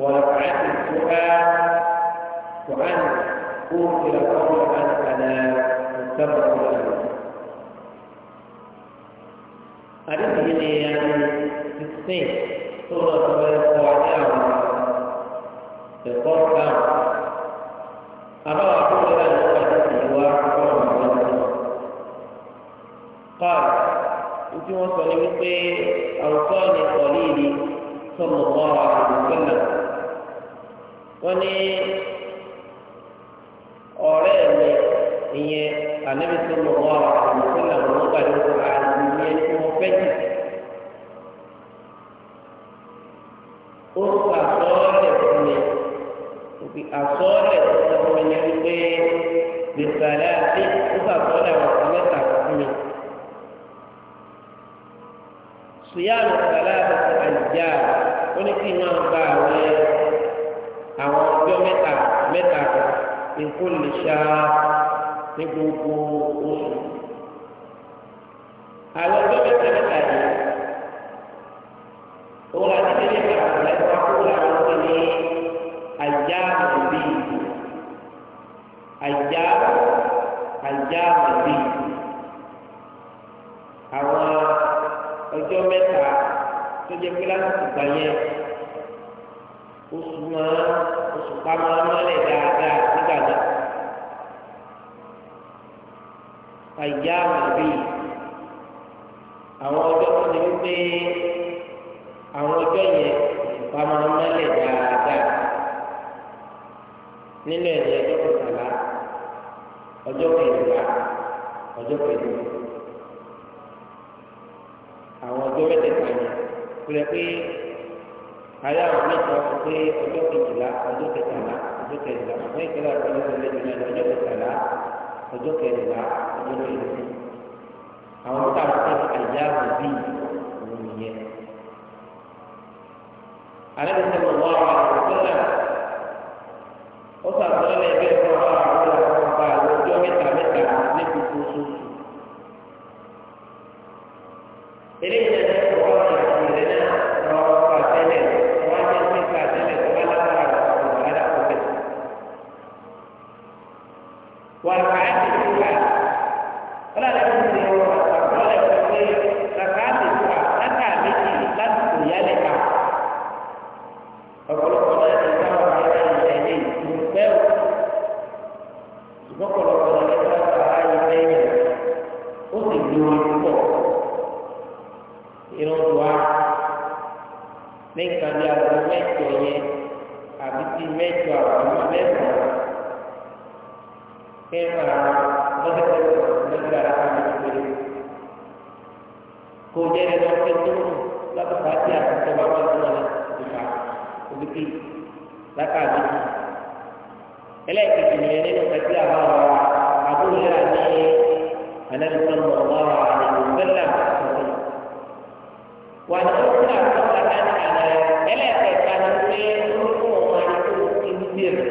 ورفعت الفؤاد وأن قوم إلى قول أن أنا متفق عليه أردت هنا يعني تسنين سورة الفوعدان القرآن أبا أقول أن أحدث هو قال أنت وصلي أوصاني قليلي صلى الله عليه وسلم wọ́n ní ọ̀rẹ́ mi ìyẹn ànábi tó lọ wá àmọ́tò làwọn ọmọ gbàdúrà tó wà ní ẹni tí wọ́n fẹ́ jù. ó sọ àsọ́ọ̀lẹ̀ fún mi òbí àsọ́ọ̀lẹ̀ fún mi ni wípé gbèsè àlẹ́ àti ó sọ àsọ́ọ̀lẹ̀ àwọn mẹ́ta fún mi. sùyàmù sàlá àti àjà ó ní kí n máa gba àwọn ẹ̀rọ àwọn ọjọ́ mẹ́ta mẹ́ta nǹkó lè ṣá ní gbogbo oṣù. àwọn ọjọ́ mẹ́ta mẹ́ta yìí òun láti dé nípa àgbẹ̀wá kó làwọn ọ̀sẹ̀ ní àjà òbí àjà àjà òbí àwọn ọjọ́ mẹ́ta tó jẹ́ pé láti gbà yẹn oṣù máa oṣù pamọ́ mọ́lẹ̀ dáadáa nígbà náà. àyà àbí àwọn ọjọ́ tó ti wípé àwọn ọjọ́ yẹn oṣù pamọ́ mọ́lẹ̀ dáadáa nínú ẹ̀yìn ọjọ́ kọkànlá ọjọ́ kẹrìnlá ọjọ́ kẹrìnlá àwọn ọjọ́ mẹ́tẹ̀ẹ̀ta yẹn kúrẹ́ pé àyà òmìnira pé ọjọ́ kejìlá ọjọ́ kẹtàlá ọjọ́ kẹrìnlá ọjọ́ ìkẹlẹ ọjọ́ kẹrìnlá ọjọ́ kẹtàlá ọjọ́ kẹrìnlá ọjọ́ kẹrìnlá àwọn tó àwọn tó àyà òbí òun nìyẹn. alẹ́ mi sọ̀rọ̀ wọ́n àwọn àkọsílẹ̀ ó sàtúnlẹ̀ ẹgbẹ́ fún wa àwọn ọba àwọn ọjọ́ mẹ́ta mẹ́ta ní gbogbo oṣooṣù. eléyìí kéèmà lọ́sẹ̀kẹ̀sẹ̀ lọ́sẹ̀ àrà kan ní ìpele kò jẹ́ ẹ̀rọ ọ̀sẹ̀ tó ń lọ́sẹ̀ pàtí àtúntò bá wọn lọ́wọ́ ìfà òbíkì lákàtúntò ẹlẹ́ẹ̀kejì nìyẹn nínú kẹsí àwọn ọ̀rọ̀ àbúrò yẹn ní anẹ́sọ̀n ọ̀rọ̀ àdìgbò fẹ́lá ọ̀sẹ̀ wà ní ọ̀sẹ̀ àtúntò àtàní àná ẹlẹ́ẹ̀kẹta ní pé ó ń fún ọmọ àdìgbò kí n bí ẹ̀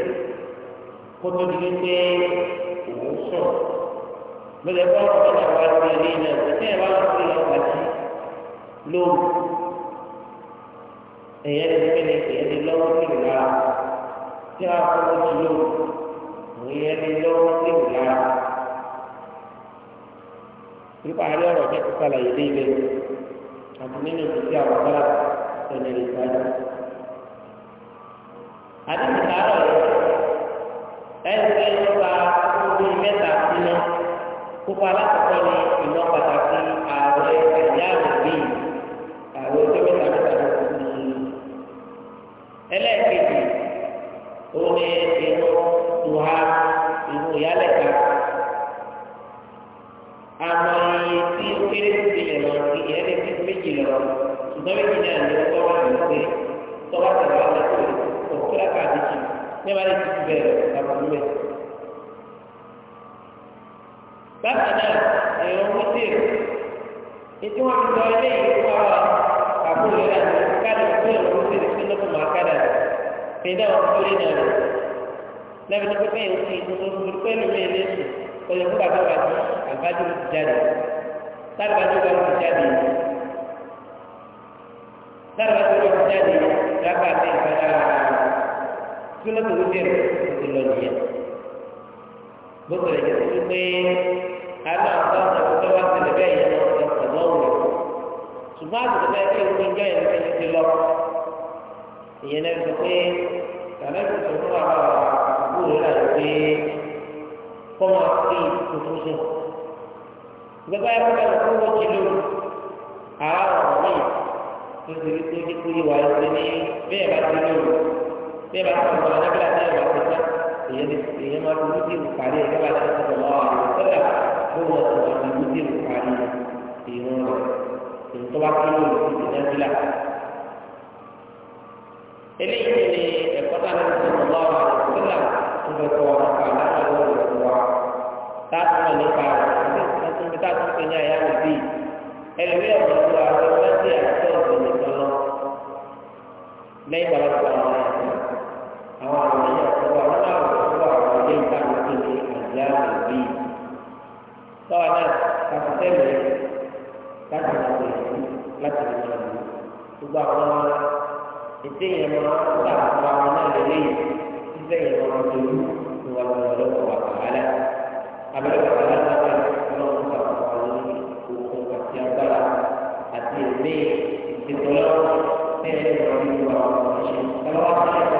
kótó ní pé òun sọ lọ́dẹ bá wọn kọ́ náà wá sí ilé náà tẹ́tẹ́ ẹ̀ bá wọn sí ọ̀pá jì lóhùn ẹ̀yẹ́ lè fi lè ẹ̀yẹ́ lè lọ́wọ́ sí ìlà tí a kọ́ jù lóhùn ẹ̀yẹ́ lè lọ́wọ́ sí ìlà nípa àárẹ̀ ọ̀rọ̀ kẹ́kọ̀ọ́ sàlàyé dé ilé àti nínú ìdíje àwọn bá ẹ̀yẹ́ lè kókó alákọ̀ọ́kọ́ ni ìmọ̀ pàtàkì ààrẹ ẹ̀yà àgbègbè ààrẹ ọjọ́ mẹ́ta mẹ́ta ló kù ní ẹlẹ́ẹ̀kejì òun ni ìmọ̀ tùhá ìmọ̀ ìyálẹ̀ka àmọ́ iye tí ó kéré sí ìyẹn lọ ìyẹn lè fi méjì lọ ṣùgbọ́n méjì náà ni wọ́n wà ní pé tọ́wọ́ tẹ̀lé wọn lọ́wọ́ òkúra káàdì jù ní wàá ti bẹ̀rẹ̀ àbúrò bákan náà ẹ̀rọ wíṣẹ̀ ètò wọn lọ ilé ìfowó àwọn àbúrò rẹ̀ àti káàdì ìfowó ẹ̀rọ wíṣẹ̀ rẹ̀ sí lọ́kùn máa káàdà fèdè àwọn ọmọdé náà rẹ̀ lẹ́bi ní pípẹ́ yìí ti ìdúró pẹ̀lú mi lé sùn pẹ̀lú fún bàbá wa ní àbájú ti jáde sábàjú wa ti jáde sábàjú wa ti jáde rábà ní ìfọdà tí lọ́kùn ti lọ nìyẹn bó tilẹ̀ ìyẹn náà sọ pé tàbí tó tó wà àbúrò rẹ̀ láti pé kọ́ máa fi tuntun sùn. ìgbàgbọ́ yẹn kọ́kọ́ lọ́kọ́ wọ́n jí lóru àárọ̀ mi tó ti rí tó dínkù yìí wà lórí ní bẹ́ẹ̀ bá ti lóru bẹ́ẹ̀ bá ti sọ̀rọ̀ anábìlà tí ẹ̀ bá ti sá èyẹ ni máa fi wúdí ìwò ẹ̀ lọ́wọ́ àti ẹ̀sọ́ lọ́wọ́ lọ́wọ́ àti ẹ̀sọ́ lọ́wọ́ àti wúdí ìwò eléyìí ni ẹ̀kọ́ tá a lè sọ̀rọ̀ lọ́wọ́ àwọn sílà tó fẹ́ kọ́ wọn kà láti lọ́wọ́ rẹ̀ fún wa láti mọ̀ nípa rẹ̀ tó ń bá tó ń sọ ní àyà rẹ̀ bí ẹlẹ́wí ọ̀rọ̀ tó wà lọ lọ́sẹ̀ àti ọ̀sẹ̀ nìkan lọ lẹ́yìn ìgbà wọn sọ àwọn àwọn àmì ọ̀sẹ̀ wà wọn náà wọ̀ fún àwọn ilé ìtàkùn tó ní àyà rẹ̀ bí lọ́wọ́ náà kàkùtẹ́lẹ̀ láti lọ́wọ́ rẹ̀ láti lọ́wọ́ rẹ̀ gbogbo àwọn ètè yẹn máa ń gbà pa wọn náà lè léyìn títẹ yẹn máa ń dolú ìwà lọ́wọ́ lọ́wọ́ àbàlẹ́ abẹ́rẹ́ bàbá lábẹ́ lọ́wọ́ sàkóso àwọn òkun àti agbára àti èmi ìtẹ̀tọ̀ lọ́wọ́ tẹ́lẹ̀ lọ́wọ́ ìwà ọ̀ṣun ọlọ́wọ́ àbẹ́rẹ́